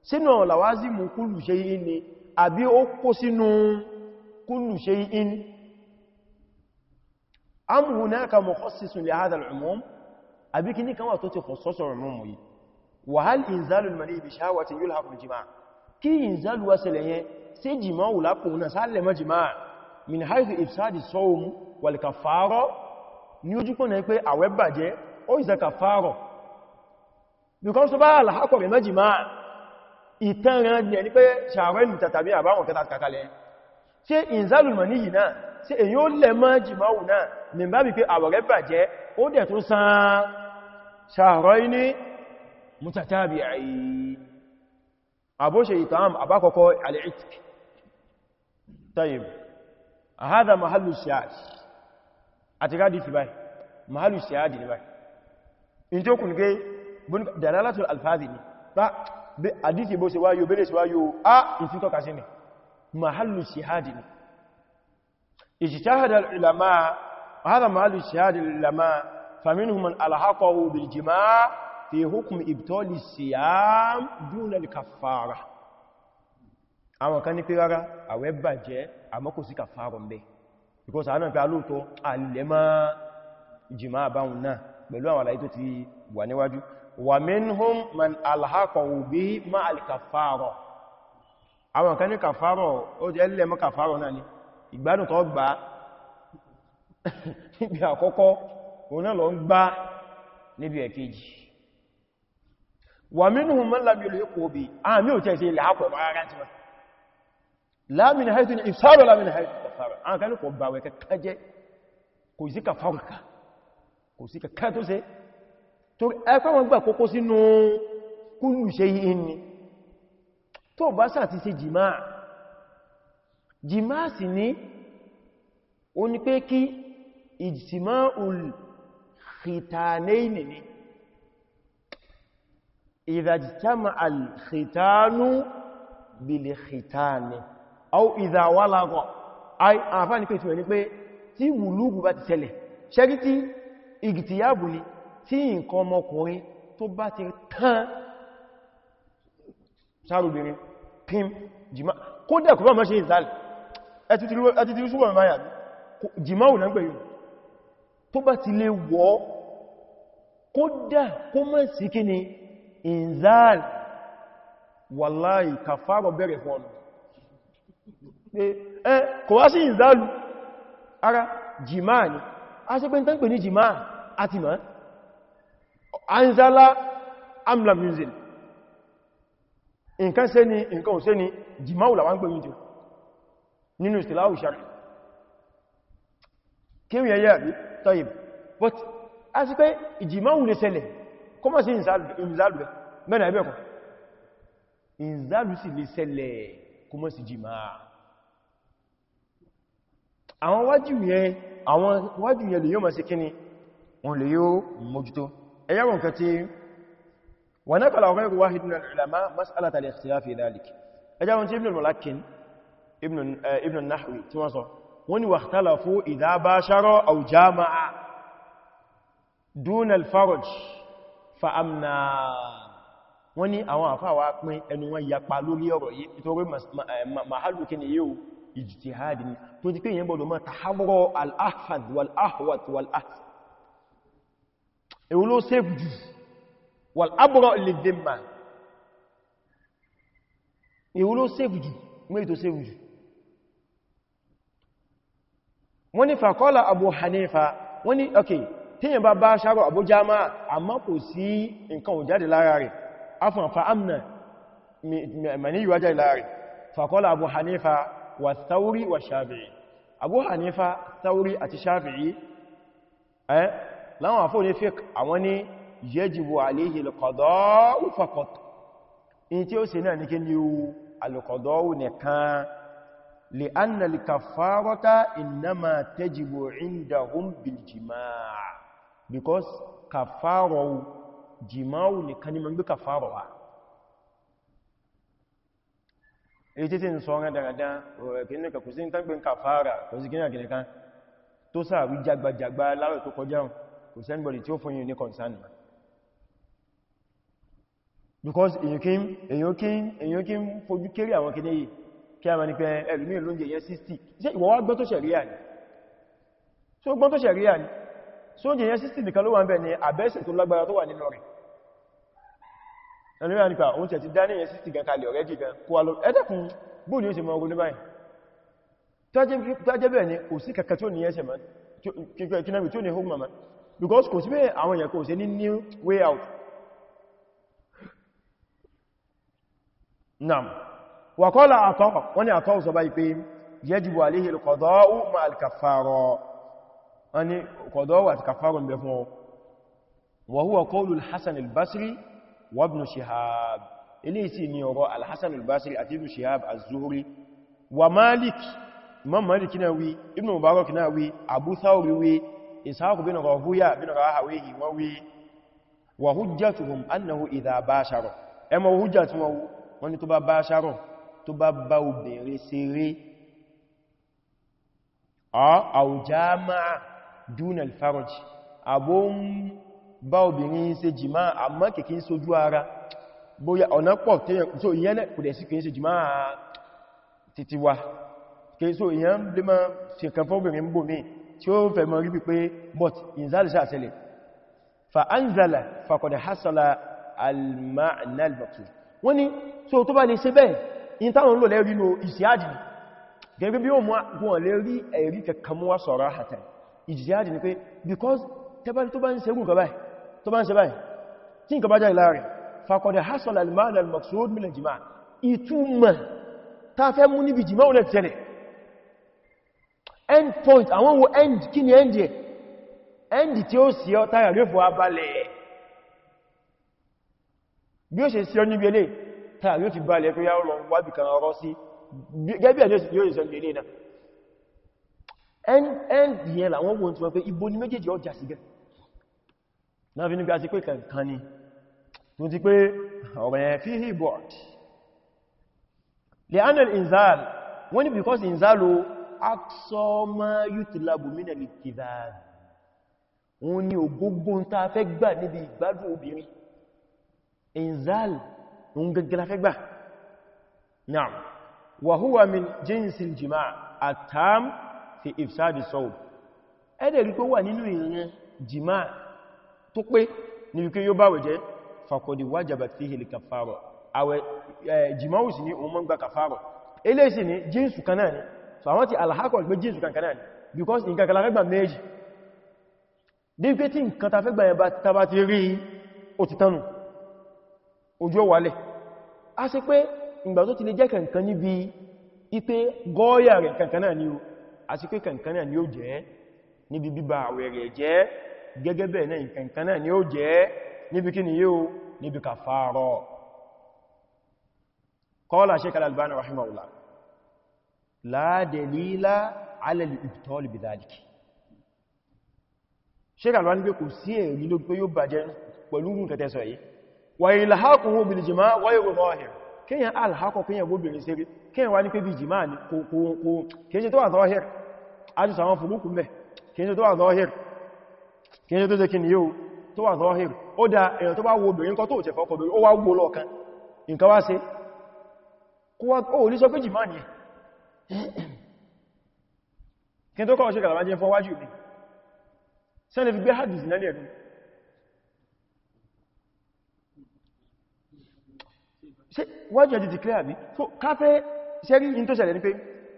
sínú àwọn làwázìmù kúlù ṣe yìí ni àbí ó kó sínú kúlù ṣe yìí ni am hunaka mukhassisun li hadha al-umum àbí kí ní kan wà tó ti kọ̀sọ́sọ̀ umum yìí wa hal inzalu al-mani bi shahawatin yulhaqu al-jima' kí inzalu wá ṣẹlẹ̀ yẹn sí jima wù lápò ní ojú pọ̀nà pé àwẹ́ bàjẹ́ ó ìsẹ́ ìtẹ́ràn ní ẹni pé ṣàwẹ́lù tàbí àbáwọn kẹta kàkalẹ̀ ṣe ìzálùmọ̀ ní yìí náà ṣe èyí ó lẹ mọ́ jìmáwù náà ní bá bí pé àwọ̀rẹ́ bàjẹ́ ó dẹ̀ tó sán ṣàrọ́ ní mutatabi ayi àbóṣe ìtàm àbákọ́kọ́ al'itk tayyib a ni ba àdísì bó ṣe wáyò bẹ́lẹ̀ ṣe wáyò á ìfítọ́ka sí ni mahallu shihadi ni ìṣìṣáhàdà ìlàmá hada mahallu shihadi ìlàmá faminhum man alhaqahu bil jima' fi hukm ibtali siyam duna al kaffara because àwọn pé alóòtọ́ alẹ́mọ́ jima báhùn náà pẹ̀lú àwọn àlàyé wa minhum man alhaqahu bihi ma alkafara àwọn kan ní kàfàrọ̀ ó jẹ́ lè mọ́ kàfàrọ̀ náà ni ìgbádùn tó gbá níbi àkọ́kọ́ òun náà lọ ń gbá níbi ẹ̀kejì wa minhum man lam yulhiqu bihi àmì ò tẹ́ẹ̀sẹ̀ ilẹ̀ àpọ̀ rárá ti wá láàmìn haitu ni ìfàrọ̀ láàmìn haitu kò sí kàfàrọ̀ kò sí kẹ́kẹ́ tó ṣe tó ẹfẹ́wọ̀n gbà kókó sínú kúlù ṣe yìí ni tó bá sàti ṣe jìmá jìmá sì ní o ní pé kí ìjìmá al-khitaanayn ni idha jtama al-khitaanu bil-khitaani aw idha walaga àfáà ní pé tí wùlúgù bá ti ṣẹlẹ̀ ṣẹ́rí tí tí nǹkan ọmọkùnrin tó bá ti tán sáàrùbìnrin pim jìmá kó dẹ̀ kò bá mọ́ ṣe ìzàlẹ̀ ẹtìtì ṣúgbọ́n báyà jìmá ò lẹ́gbẹ̀ yìí tó bá ti lè wọ́ kó dẹ̀ kó mọ́ sí kí ni ìzàl wàláì kàfàrọ̀ bẹ̀rẹ̀ fún ọ̀nà ẹ kò wá sí ìzàlù ara jìmá ni a ṣe pé ń tán pè anzala am lam yunzil nǹkan ni nǹkan ò ṣe ni jima'u làwọn gbẹ̀yìn jù nínú istilahu shari kíwì ẹyẹ àbí tọ́yìb but a sì pé ìjìmáwù lè ṣẹlẹ̀ kọ́ mọ́ sí ìzàlù rẹ̀ mẹ́rin si ìzàlù sì lè ṣẹlẹ̀ kọ́ mọ́ sí jìmá àwọn wájú yẹn lè yóò mọ́ sí kíni wọn lè yóò mójútó ẹ̀yẹ́wọ̀n kan tí wà náà kọ̀lá ọ̀rẹ́ ìrùwá hìdínà ìrìnàmá mas'alata lè ṣe láfi ìdálik ẹjáwọn tí ibn al-mulakin ibn al-nahwi tí wọ́n sọ wọ́n ni wàhtálà fó ìdábáṣarọ́ au jama'a dunal faraj fa'amna wọ́n ni àwọn àfáwà pín ẹnu èwo ló save jù wal abra lil dhimma èwo ló save jù mẹ́rin tó save jù wọ́n ní fàkọ́lá Abu Hanifa wọ́n ní ok tíyàn bá bá ṣàrọ̀ Abu Jama àmọ́ kò sí nǹkan òjáde lára rẹ̀ afọ̀n fa'amna mẹ́ni yíwá jáde lára rẹ̀ fàkọ́lá Abu Hanifa wa Thawri wa Shafi'i Abu Hanifa Thawri àti Shafi'i eh láwọn àfóní fík àwọn ní yẹ́jìbò alayhi al-qada'u faqat in tí ó ṣe náà ní kí ni al-qada'u nìkan li anna al-kaffarata innama tajibu indahum bil-jima' because kàfàrọ̀ jìmáwù nìkan ni ma ń gbé kàfàrọ̀ wa èyí tí tí ń sọ rán dáradára ọ̀rẹ̀ kìí nìkan kò sí ní tágbé kàfàrà kò sí kìí nìkan tó sáà rí jagbajagba láwẹ̀ tó kọjá hùn kò sí anybody tí ó fún yín ní concern because èyàn kí èyàn kí èyàn kí ń fojú kéré àwọn kìdí yìí kí a ma ní pé ẹ̀rù ní ìlóúnjẹ yẹn 60 ṣe ìwọ wá gbọ́n tó ṣẹ̀ríà ni so gbọ́n tó ṣẹ̀ríà ni so oúnjẹ yẹn 60 nìkan ló wà ń bẹ̀ ni àbẹ́sẹ̀ tó lágbára tó wà nínú rẹ̀ ẹ̀rù nípa ti dá ní yẹn 60 gan kalẹ̀ ọ̀rẹ́ jì gan kó wá lọ ẹ̀dẹ́kùn bóò ni ó ṣe mọ ogun ní because kò sí pé àwọn èèyàn kò sí ní new way out naam wàkọ́lá àkọ́ wọ́n ni àkọ́ sọ báyìí pé yajibu alayhi al-qada'u ma al-kaffara wọ́n ni qada'u àti kaffara ń bẹ fún ọ wa huwa qawlu al-Hasan al-Basri wa Ibn Shihab ni ọ̀rọ̀ al-Hasan àti Ibn Shihab az-Zuhri Malik imam Malik náà wí Ibn Mubarak náà wí Abu Thawri wí إسحاق بن راهويا بن راهويه ووي وهجتهم أنه إذا باشر أما وهجتهم وأن تبا باشر تبا باوبر سيري أو جامع دون الفرج أبوم باوبر سي جماع أما كيكين سوjú ara bóyá ọ̀nà pọ̀ tẹ́yàn so ìyẹn kò dẹ̀ sí kìí ṣe jìmá títí wá kìí so ìyẹn lè máa ṣe kan fọ́bìnrin bò míì tí ó fẹ́ mọ̀ rí bí pé but inzal ṣe àṣẹlẹ̀ fa anzala faqad hasala al-ma'na al-maqsud wọ́n ni so tó bá lè ṣe bẹ́ẹ̀ in táwọn lò lẹ́rí no ìṣíájì gẹ́gẹ́ bí wọ́n lè rí ẹ̀rí because tẹ́bàrí tó bá ń ṣegún kọbáì tó bá ń ṣe báyìí tí nǹkan bá jáde láàrin faqad hasala al-ma'na al-maqsud min end point àwọn wo end kí ni end yẹ end tí ó sí ọ táyà rí fò abalẹ̀ bí ó ṣe sí ọ níbi ilé táyà rí fi balẹ̀ pé yáò lọ wábì kan ọrọ́ sí gẹ́bí ẹ̀ yóò ìsọ ilé náà end yẹn làwọn wo tí wọ́n pé ibo ni méjèèjì ọjà sí gẹ́ náà fi ní gbá sí pé kankan ni tó ti pé ọ̀rọ̀ yẹn fi hì bọ̀d lè anel inzal wọ́n ni because inzalo aqsa ma yutlabu min al-kibar wọ́n ní ogógó ń ta fẹ́ gbà níbi ìgbádùn obìnrin inzal ń gẹ́gẹ́lá fẹ́ gbà náà wa huwa min jinsil jima' atam fi ifsadi sawm ẹ́dẹ̀ rí pé wà nínú ìrìn jima tó pé níbi kí yóò báwẹ̀ jẹ́ faqad wajabat fihi al-kaffara àwẹ̀ jima'u sì ní òun mọ́ gbà kàfàrọ̀ eléṣì ní jíǹsù kanáà ni so àwọn ti alhakọ̀ pé Jésù kankan náà because nǹkan kan la fẹ́ gbà méjì bí pé tí nǹkan ta fẹ́ gbà yẹn ta bá ti rí ó ti tánu ojú ó wálẹ̀ a sì pé ìgbà tó ti lè jẹ́ kankan níbi ipé gọ́ọ̀yà rẹ̀ kankan náà ni ó a sì pé kankan ni ó jẹ́ níbi bíba àwẹ̀ rahimahullah la dalila ala al-ibtal bi dhalik sheikh alwani be kò sí ẹ̀rí ló pé yó bàjẹ́ pẹ̀lú nǹkan tẹ́ sọ yìí wa ilhaquhu bil jima' wa yu zahir kiyan alhaqu kiyan go birin sere kiyan wá ní pé bi jima' ni ko ko ko kiyan tó wà zahir aju sawon furuku nbe kiyan tó wà zahir kiyan tó yo wà zahir ó dá ẹ̀yàn tó bá wo wo kí tó kọ́ ṣe kàlàmà jẹ́ fọ́wájú mi sẹ́lẹ̀ fi gbé hadith náà lẹ́ẹ̀kùn ṣe wájú ẹjì ti clear bí so káfẹ́ ṣe rí in tó ṣẹlẹ̀ ní pé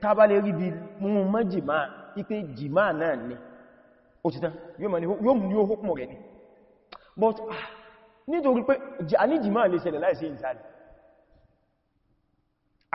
tàbá rí bí mú mọ́ jìmá ipé jìmá náà ni ó ti tán yóò mú yóò hókùn rẹ̀ ni but ah, nítorí pé a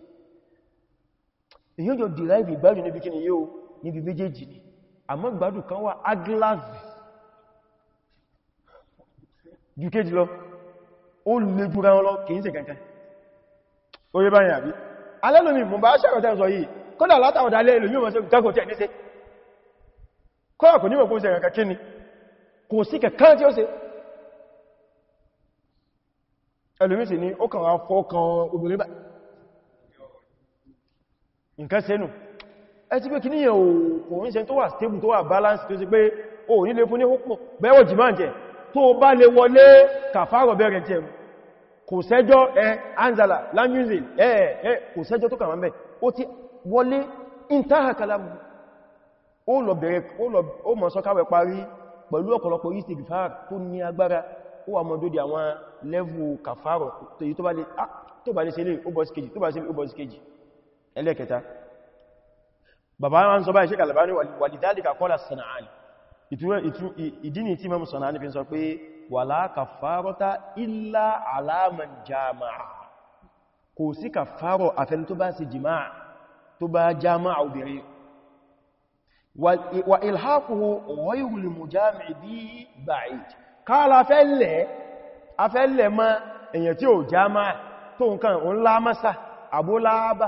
èyí jọ derive ìgbádùn níbi kíni yóò níbi méjèèjì ni àmọ́ ìgbádùn kan wà aglave jù kéjì lọ ó lè jùra wọn lọ kìí ṣe kankan ó yé báyìí àbí alẹ́lùmí mú bá ṣàkọ̀tẹ́ sọ yìí kódà látàwọ̀dá alẹ́ ìlú yóò mọ́ sí kankan tí ni ó kàn wá fọ́ kan nǹkan sẹ́nu ẹ ti pé kí níyàn kò ń ṣe tó wà stable tó wà balance tó sì pé o nílé fún ní hókùn bẹ́wọ̀ jì máa jẹ tó bá lè wọlé kàfàrọ̀ bẹ̀rẹ̀ jẹ kò sẹ́jọ́ ẹ anzala lamusil ẹ ẹ kò sẹ́jọ́ tó kàmà mẹ́ ó ti wọlé intaha kalamu ó lọ bẹ̀rẹ̀ ó mọ̀ sọ́káwẹ̀ parí pẹ̀lú ọ̀pọ̀lọpọ̀ istighfar tó ní agbára ó wà mọ́dódì àwọn lẹ́vù kàfàrọ̀ ah, tó bá lè ṣe lè ó bọ́ sí kejì tó bá sí lè ó bọ́ sí kejì ẹlẹ́kẹta bàbá wọn sọ báyìí Sheikh Albani walidhalika qala San'ani ìdíni tí mẹ́mù San'ani fi sọ pé wala kaffarata illa ala man jama'a kò sí kàfàrọ̀ àfẹ́ni tó bá ṣe jìmáà tó bá jama'a obìnrin wa ilhaquhu ghayru al-mujami'i bihi ba'id kala afẹ́lẹ̀ afẹ́lẹ̀ ma èyàn tí ò jama'a tó nǹkan òun lámásà àbúláábà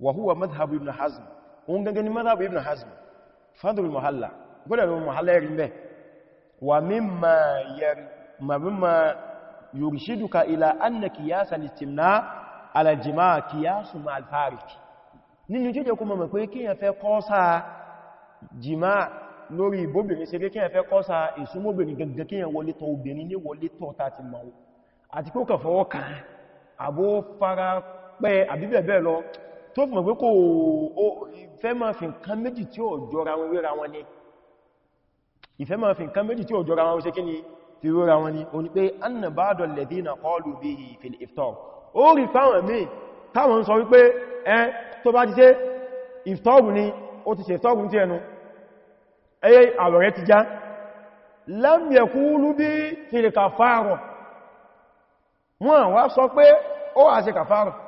وهو مذهب ابن حزم اون غنغن مذهب ابن حزم فضل المحلى قول المحلى يرمه ومما ير مما يرشدك الى ان قياس الاستمناء على الجماع قياس مع الفارق nínú jẹ́ kó mọ̀ pé kíyàn fẹ́ kọ́sà jìmá lórí ìbóbìnrin sí pé kíyàn fẹ́ kọ́sà ìsúnmóbìnrin gẹ̀gẹ̀ kíyàn wọlé tọ̀ obìnrin ní wọlé tọ̀ tàti mọ̀ àti kó kà fọwọ́ kàn àbó fara pẹ́ àbíbẹ̀bẹ̀ lọ tó fi mọ̀ pé kò ìfẹ́ máa fi nǹkan méjì tí ó jọra wọn wéra wọn ni ìfẹ́ máa fi nǹkan méjì tí ó jọra wọn ṣe kí ni fi wéra wọn ni o ni pé anna ba'da alladhina qalu bihi fil iftar ó rí fáwọn míì táwọn lam yaqulu bi fil kafara wọ́n wá sọ pé ó wà ṣe kàfàrọ̀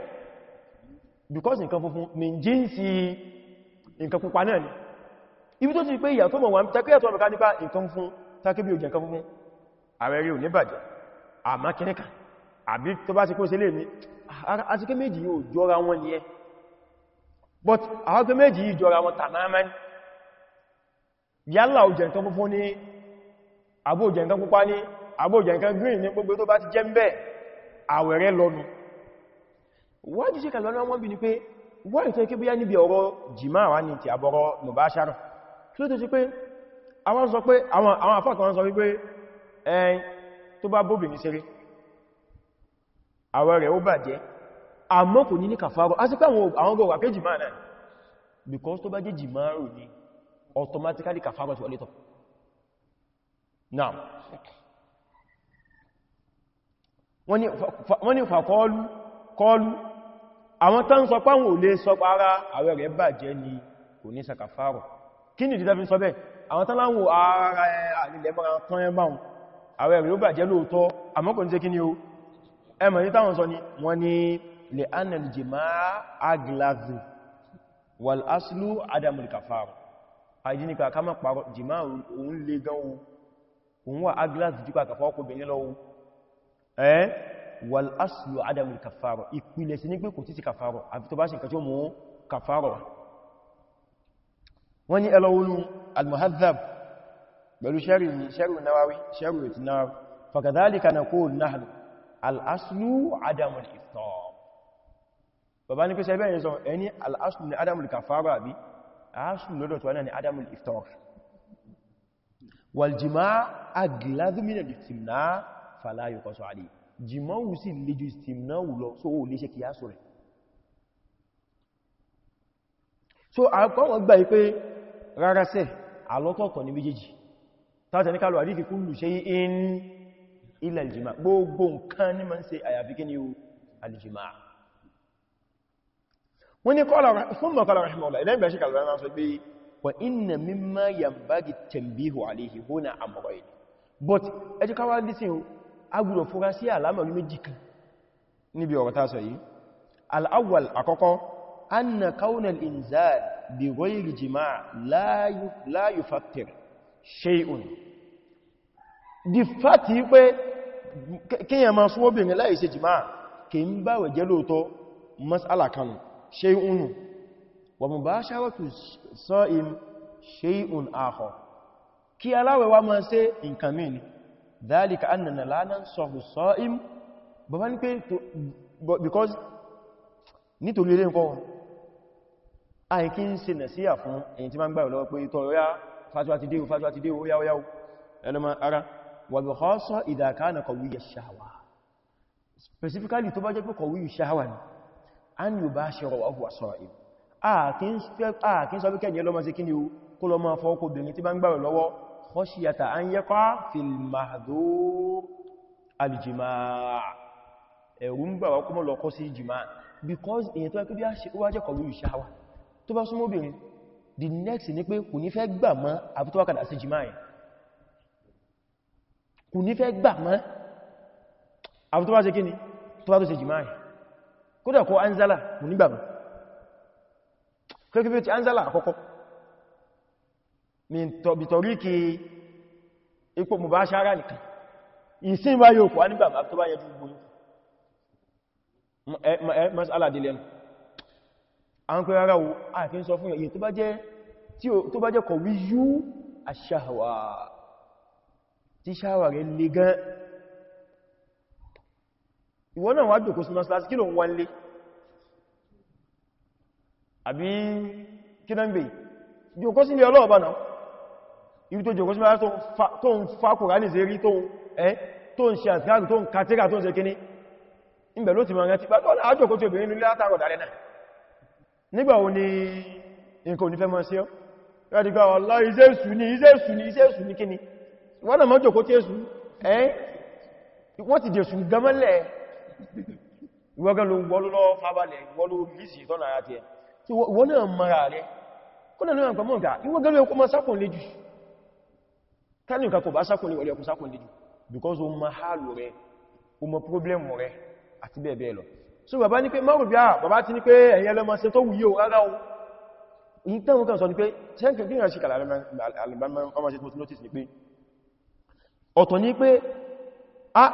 because nǹkan funfun ni jínsì nǹkan pupa náà ni ibi tó ti pé ìyà tó mọ̀ wọn tẹ́kẹ́ ẹ̀tọ́ ọ̀bẹ̀ká nípa nǹkan funfun tàkí bí òjì nǹkan funfun ààrẹ rí ò ní bàjẹ́ àmá kìníkà àbí tó bá ti kó sílé mi àti pé méjì yóò jọra wọn ni ẹ but àwọn pé méjì yìí jọra wọn tamaman yálà òjì nǹkan funfun ni Abo òjì nǹkan pupa ni àbó òjì nǹkan green ni gbogbo tó bá ti jẹ́ ń bẹ́ẹ̀ wọ́n jí ṣe kàlọ́nà wọ́n bí ní pé wọ́n ìtọ́ ikú bíyá níbi ọ̀rọ̀ jìmá wà ní ti àbọ̀rọ̀ mubashara kí ló tó ṣe pé àwọn sọ pé àwọn afọ́kà wọ́n sọ wípé ẹn tó bá bóbì ní ṣeré àwọ̀ rẹ̀ ó bàjẹ́ àmọ́ kò ní ní kàfàrọ̀ á sí pé àwọn gbọ́ wà pé jìmá náà because tó bá jẹ́ jìmá rò ní automatically kàfàrọ̀ ti wọlé tọ̀ now wọ́n ni fàkọ́ọ̀lú àwọn tán sọ páwọn ò lè sọ pàárá àwẹ̀ rẹ̀ bàjẹ́ ni kò ní sàkàfàrọ̀ kí ni ìdíjá fi ń sọ bẹ́ẹ̀ àwọn tán láwọn ara àlìlẹ̀ mara tán ẹ báhùn àwẹ̀ rẹ̀ ó bàjẹ́ lóòótọ́ àmọ́ kò ní ṣe kí ni o ẹmọ̀ ní táwọn sọ ni wọ́n ni lè anal jima aglazu wal aslu adamul kafaro àjíníkà ká má parọ́ jima òun le gan òun wà aglazu jípa kàfà ọkùnrin lọ́wọ́ wal aslu adamul kàfàrọ̀ ìpìlẹ̀ sí ní pé kò títí kàfàrọ̀ àfi tó bá ṣe nǹkan tí ó mú kàfàrọ̀ wọ́n ní ẹlọ́wọ́nú al-muhadhab pẹ̀lú ṣẹ́rù náwáwí ṣẹ́rù ètì náwáwí fakadhalika naqulu nahnu al-aslu adamul iftar bàbá ní pé ṣe bẹ́ẹ̀ sọ ẹni al-aslu ni adamul kàfàrọ̀ àbí aslu lọ́dọ̀ tó wánà ni adamul iftar wal jima' aglazu min al-istimna fala yuqasu alayhi jìmọ́wù sí léjú ìsìmnáwù lọ so ó lè ṣe kìyásù rẹ̀ so àkọ́wọ̀n gbà ipé rárá sẹ́ àlọ́tọ̀ọ̀tọ̀ ní méjèèjì tàbí kálù àdídì kullu shay'in illa al-jima' gbogbo nǹkan ní ma ń ṣe àyàfi kí ni but ẹjọ́ lísìn agbùdọ̀ fúra sí àlámọ̀rí méjì kan níbi ọ̀rọ̀ tásọ yìí al'awwal àkọ́kọ́ anna kaunal inzal bi ghayri jima'a la yufattir shay'un di fati pé kíyàn ma súnwó bìnrin láì ṣe jima'a kì ń bá wẹ̀ jẹ́ lóòtọ́ mas'ala kanu shay'un wa mubasharatu sa'im shay'un akhar kí aláwẹ̀ wa ṣe nǹkan mìíràn ذلك أننا لا ننصح الصائم bàbá ní pé because nítorí ilé nǹkan àìkí ń ṣe nàṣíyà fún èyí tí ma ń gbà lọ́wọ́ pé ìtọ̀ ọ̀yá fàtíwà ti déwò fàtíwà ti déwò ó yáwó yáwó ẹlọ́mọ ara wàbí kọ́ sọ ìdàkánà kọ̀wí yẹ specifically tó bá jẹ́ pé kọ̀wí ṣàwà ni a ní bá ṣe rọ̀ ọ̀hùwà sọ̀rọ̀ ìm ààkí ń sọ bí khashiyata an yaqa fil mahdhur aljimaa ẹ̀rù ń gbà wá kó mọ́ lọ kọ́ sí jìmá because èyàn tó wá kí bí a ṣe wá jẹ́ kọlu ìṣáwà tó bá súnmọ́ the next ni pé kò ní fẹ́ gbà mọ́ àbí tó wá kàdà sí jìmá yẹn kò ní fẹ́ gbà mọ́ àbí tó wá ṣe kí ni tó wá tó ṣe anzala kò ní gbà mọ́ kẹ́kẹ́ bí ti anzala àkọ́kọ́ bìtọ̀ríkì ipò mubashara nìkan ìsìn bá yóò kò á nígbà tó bá yẹjú gbogbo aládìlẹ̀ àwọn pẹ̀lú ara wo àti ń sọ fún èyí tó bá jẹ́ kọ̀wí yú àṣàwà tí ṣàwà rẹ̀ lè gan sí ilé ọlọ́ọ̀bá náà ibi tó jòkó sí tó ń fa kòránì sí rí tó ń ṣe àtìkáàrù tó ń kàtíkà tó ń ṣe kíní ìbẹ̀ ló ti máa rántí pàtó àjòkó tí obìnrin nílé látàrọ̀ dálẹ́ náà nígbà wo ni nǹkan onífẹ́ máa ṣe ọ́ rádìgbà ọ̀lá iṣẹ́ èṣù ni iṣẹ́ èṣù ni iṣẹ́ èṣù ni kíní wọ́n náà máa jòkó tí èṣù ẹ́ wọ́n ti dẹ̀ṣù gamẹ́lẹ̀ ìwọ́gán ló wọ́n lọ́ fábalẹ̀ wọ́n ló rí sí tọ́nà àti ẹ̀ tẹ́lù nǹkan kò bá sákùnlé wọlé ọkùn sákùnlé jù because o ma hálù rẹ o ma problem rẹ àti bẹ́ẹ̀bẹ́ẹ̀ lọ so bàbá ní pé márùn bí a ah, bàbá ti ní pé ẹ̀yẹ lọ ma ṣe tó wùyí o rárá o yí tẹ́wọ́n kan sọ ah, ní pé tẹ́ǹkì bí ìrìnàṣíkà ọ̀tọ̀ ní pé a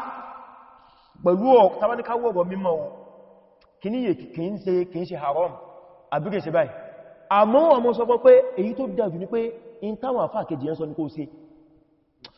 pẹ̀lú ọ̀ tàbáníkáwọ̀ ọ̀rọ̀ mímọ̀ ọ̀ kì ní yè kì ń ṣe kì ń ṣe haram àbíkẹ̀ ṣe báyìí àmọ́ ọmọ sọ pé èyí tó dájú ní pé in táwọn àfáà kejì ẹ́ sọ ní kó ṣe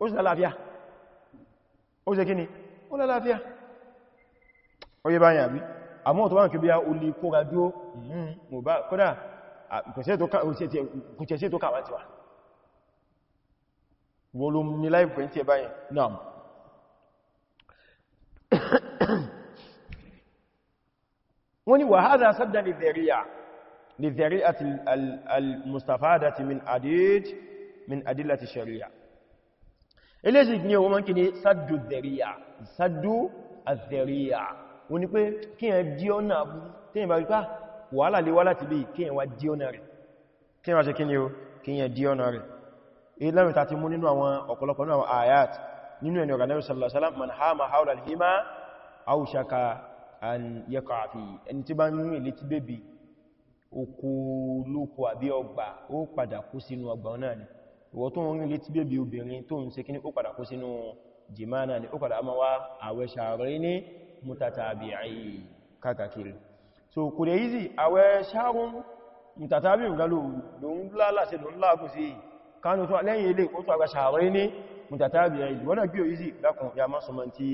ó sì lálàáfíà ó sì kíni ó lálàáfíà ó yẹ báyìí àbí àmọ́ tó wá ń kí bí a ó lè kóra dúó mọ̀bá kódà kùtẹ̀sí tó kàwà tí wà wọ́lùm ní láìpẹ̀ tí ẹ báyìí náà wọ́n ni wàhádà sádà lè zẹ̀ríyà lè zẹ̀ríyà al-mustafadati min adid min shari'a eléṣì ní owó mọ́n kí ní sádù zẹ̀ríyà sádù àzẹ̀ríyà o ní pé kí ẹ dí ọ́nà abú tí ìbá rípá ah, wàhálà lè wá láti bí kí ẹ wá dí ọ́nà rẹ̀ kí wá ṣe kí ní o kí ẹ dí ọ́nà rẹ̀ ilẹ́rin tàti mú nínú àwọn ọ̀pọ̀lọpọ̀ nínú àwọn ayat nínú ẹni sallallahu alaihi wasallam an yaqa fi ẹni tí bá ń rìn létí ìwọ tó ń rí létí bèbí obìnrin tó ń ṣe kí ní ó padà kó sínú jìmánà ní ó padà a máa wá àwẹ̀ ṣàárẹ̀ ní mutatabi'i kàkàkiri so kò dẹ̀ yìí àwẹ̀ ṣàárùn mutatabi'i galo lòun lálà sí lòun láàgùn sí kánú tó lẹ́yìn ilé ó tó àgbà ṣàárẹ̀ ní mutatabi'i wọ́n dẹ̀ gbíò yìí lákùn ya má sọmọ tí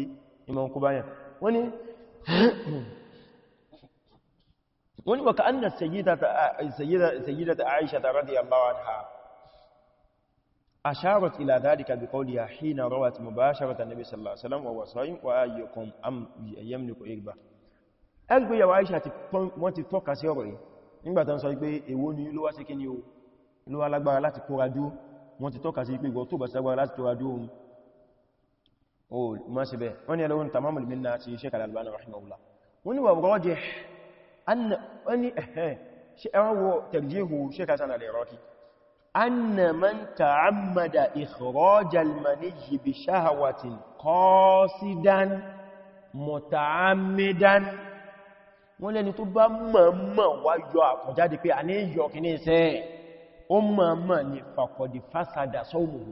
imọ̀ kú báyàn أشارت إلى ذلك بقولها حين روت مباشرة النبي صلى الله عليه وسلم وهو صائم وأيكم أم يملك إربا ẹgbẹ́ yàwó Aisha ti wọ́n ti tọ́ka sí ọ̀rọ̀ yìí nígbàtà ń sọ pé èwo ni ló wá sí kí ni o ló wá lágbára láti kóra dúó wọ́n ti tọ́ka sí pé ìgbọ́ tó bá ságbára láti kóra dúó o má ṣe bẹ́ wọ́n ni ẹlọ́run tamamul minna ti Sheikh Al-Albani rahimahullah wọ́n ni wà rọ́jẹ́ أن من تعمد إخراج المني بشهوة قاصدا متعمدا wọ́n lẹ́ni tó bá mọ̀mọ̀ wá yọ àkọjáde pé a ní yọ kì ní iṣẹ́ ó mọ̀mọ̀ ní fàkọ̀dì fásádà sọ́wọ́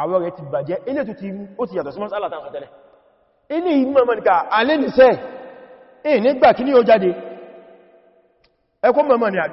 àwọ́ rẹ̀ ti bàjẹ́ ilé tó ti ó ti yàtọ̀ sí mọ́sí alátàṣọ tẹ́lẹ̀ ilé ìmọ̀mọ̀ nìka alẹ́ nìṣẹ́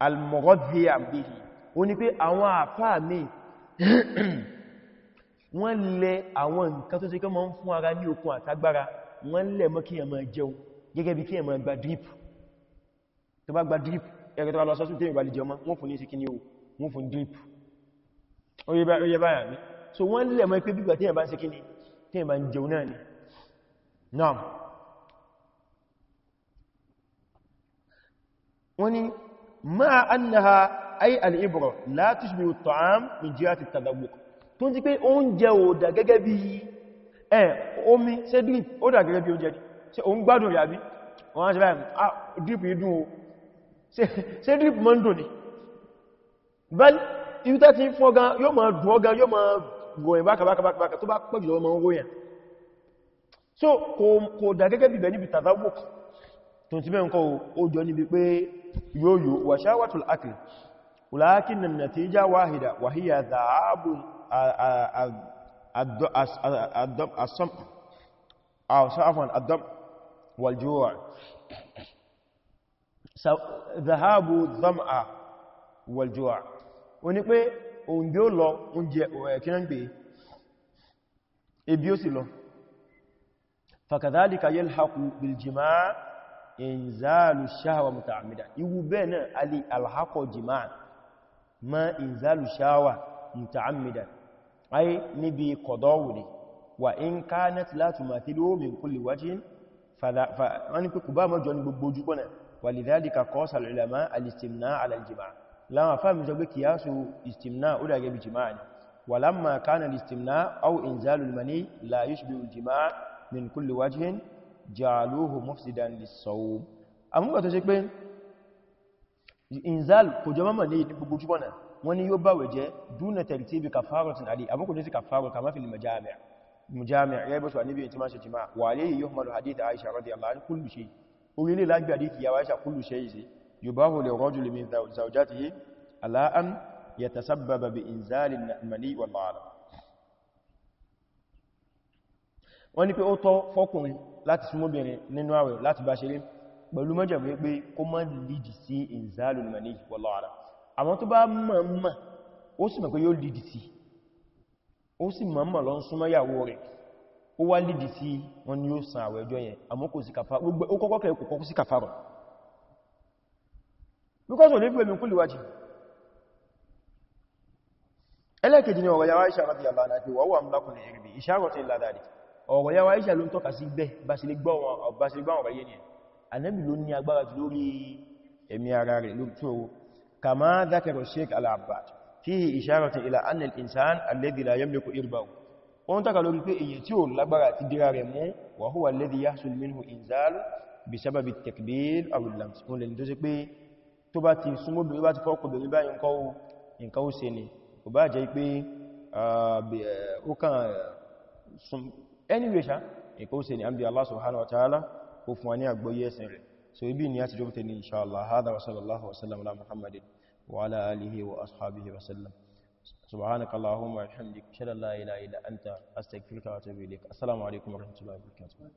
al-mughadhdhiya bihi ó ní pé àwọn àfáà mi wọ́n lẹ àwọn nǹkan tó ṣe kọ́ mọ́ ń fún ara ní okun àtagbára wọ́n lẹ mọ́ kí ẹmọ jẹun gẹ́gẹ́ bí kí ẹmọ gba drip tó bá gba drip ẹgbẹ́ tó bá lọ sọ́sùn tí ìbá lè jẹun wọ́n fún ní sí wọ́n fún so wọ́n lẹ mọ́ pé bígbà tí ẹ̀bá ń ṣe ma annaha ay al-ibra la tushbihu at-ta'am min jihati at-tadawwuq tó nti pé oúnjẹ ò dà gẹ́gẹ́ bí eh omi ṣe drip ó dà gẹ́gẹ́ bí oúnjẹ ṣé ó ń gbádùn ya bí wọ́n ṣe báyìí ah drip yìí dùn o ṣé ṣé drip mo ndo dùn so kò kò dà gẹ́gẹ́ bí be ni bi ní bí يويو وشاوة الأكل ولكن النتيجة واحدة وهي ذعاب الدم الصمع أو عفوا الدم والجوع ذهاب الظمأ والجوع oni pe oúnjẹ ó lọ oúnjẹ ẹ̀kí náà ń pè ebi ó sì lọ فكذلك يلحق بالجماع inzalu shawa mutaamida iwu bẹ́ẹ̀ náà ali alhaqo jima'a ma inzalu shawa mutaamida ai níbi kọ̀dọ̀wù ne wa in kanat la tumathilu min kulli wajhin wani kúkú bá mọ́jọ ní gbogbo ojú kọ́nà wa lidhalika qasal ulama al-istimna ala al-jima'a láwọn fáàmì sọ pé kìyásù istimna ó dàgẹ́ bí ja'aluhu mufsidan lis-sawm amúgbà tó ṣe pé inzal kò jọ mọ́mọ̀ ní gbogbo jùbọ́nà wọ́n ni yóò báwẹ̀ jẹ́ dúnà tartibi kafaratin alì abúkù ní sí kafaru kama fil mujami' ya bá su àníbí ìtí máa ṣe jima wà lè yíò mọ̀lù hadith aisha radiyallahu anha kullu shay orílẹ̀ lágbà hadith ya aisha kullu shay yìí yubahu li rajuli min zawjatihi ala wọ́n ni pé ó tọ́ fọ́kùnrin láti súnmọ́bìnrin nínú àwẹ̀ láti bá ṣeré pẹ̀lú mọ́jẹ̀mú pé kó má lìdì sí ìzàlù mani wallahu a'lam àwọn tó bá mọ̀mọ̀ ó sì mọ̀ pé yóò lìdì sí ó sì mọ̀mọ̀ lọ súnmọ́yàwó rẹ̀ ó wá lìdì sí wọn ni yóò san àwẹ̀ ọjọ́ yẹn àmọ́ kò sí kàfà gbogbo ó kọ́kọ́ kẹ́ kò sí kàfà rọ̀ because ò lè fi min kulli wajh ẹlẹ́kejì ni ọ̀rọ̀ yàwá ìṣàrọ̀ bí àbánà pé wọ́wọ́ àmúlákùnrin ìrìbì ìṣàrọ̀ tí ìlàdàdì ọ̀rọ̀ yáwá Aisha ló ń tọ́ka sí bẹ́ bá sí lè gbọ́ wọn ọ̀rọ̀ yẹ́ ni Ànábì ló ní agbára jù lórí ẹ̀mí ara rẹ̀ ló tó kama dhakara Sheikh Al-Abbad fihi isharatun ila anna al-insan alladhi la yamliku irbahu wọ́n tọ́ka lórí pé èyí tí ó lágbára ti dira rẹ̀ mú wa huwa alladhi yahsul minhu inzal bi sababi at-takbir aw al anyway sha e ko se ni ambi Allah subhanahu wa ta'ala kó fún ani àgbóyé ẹsẹ̀ rẹ̀ so ibi ni ati ti jókòó ní insha Allah hada wa sallallahu wa sallam ala muhammadin wa ala alihi wa ashabihi wa sallam subhanak allahumma wa bihamdika ashhadu an la ilaha illa anta astaghfiruka wa atubu ilaik assalamu alaikum wa rahmatullahi wa barakatuh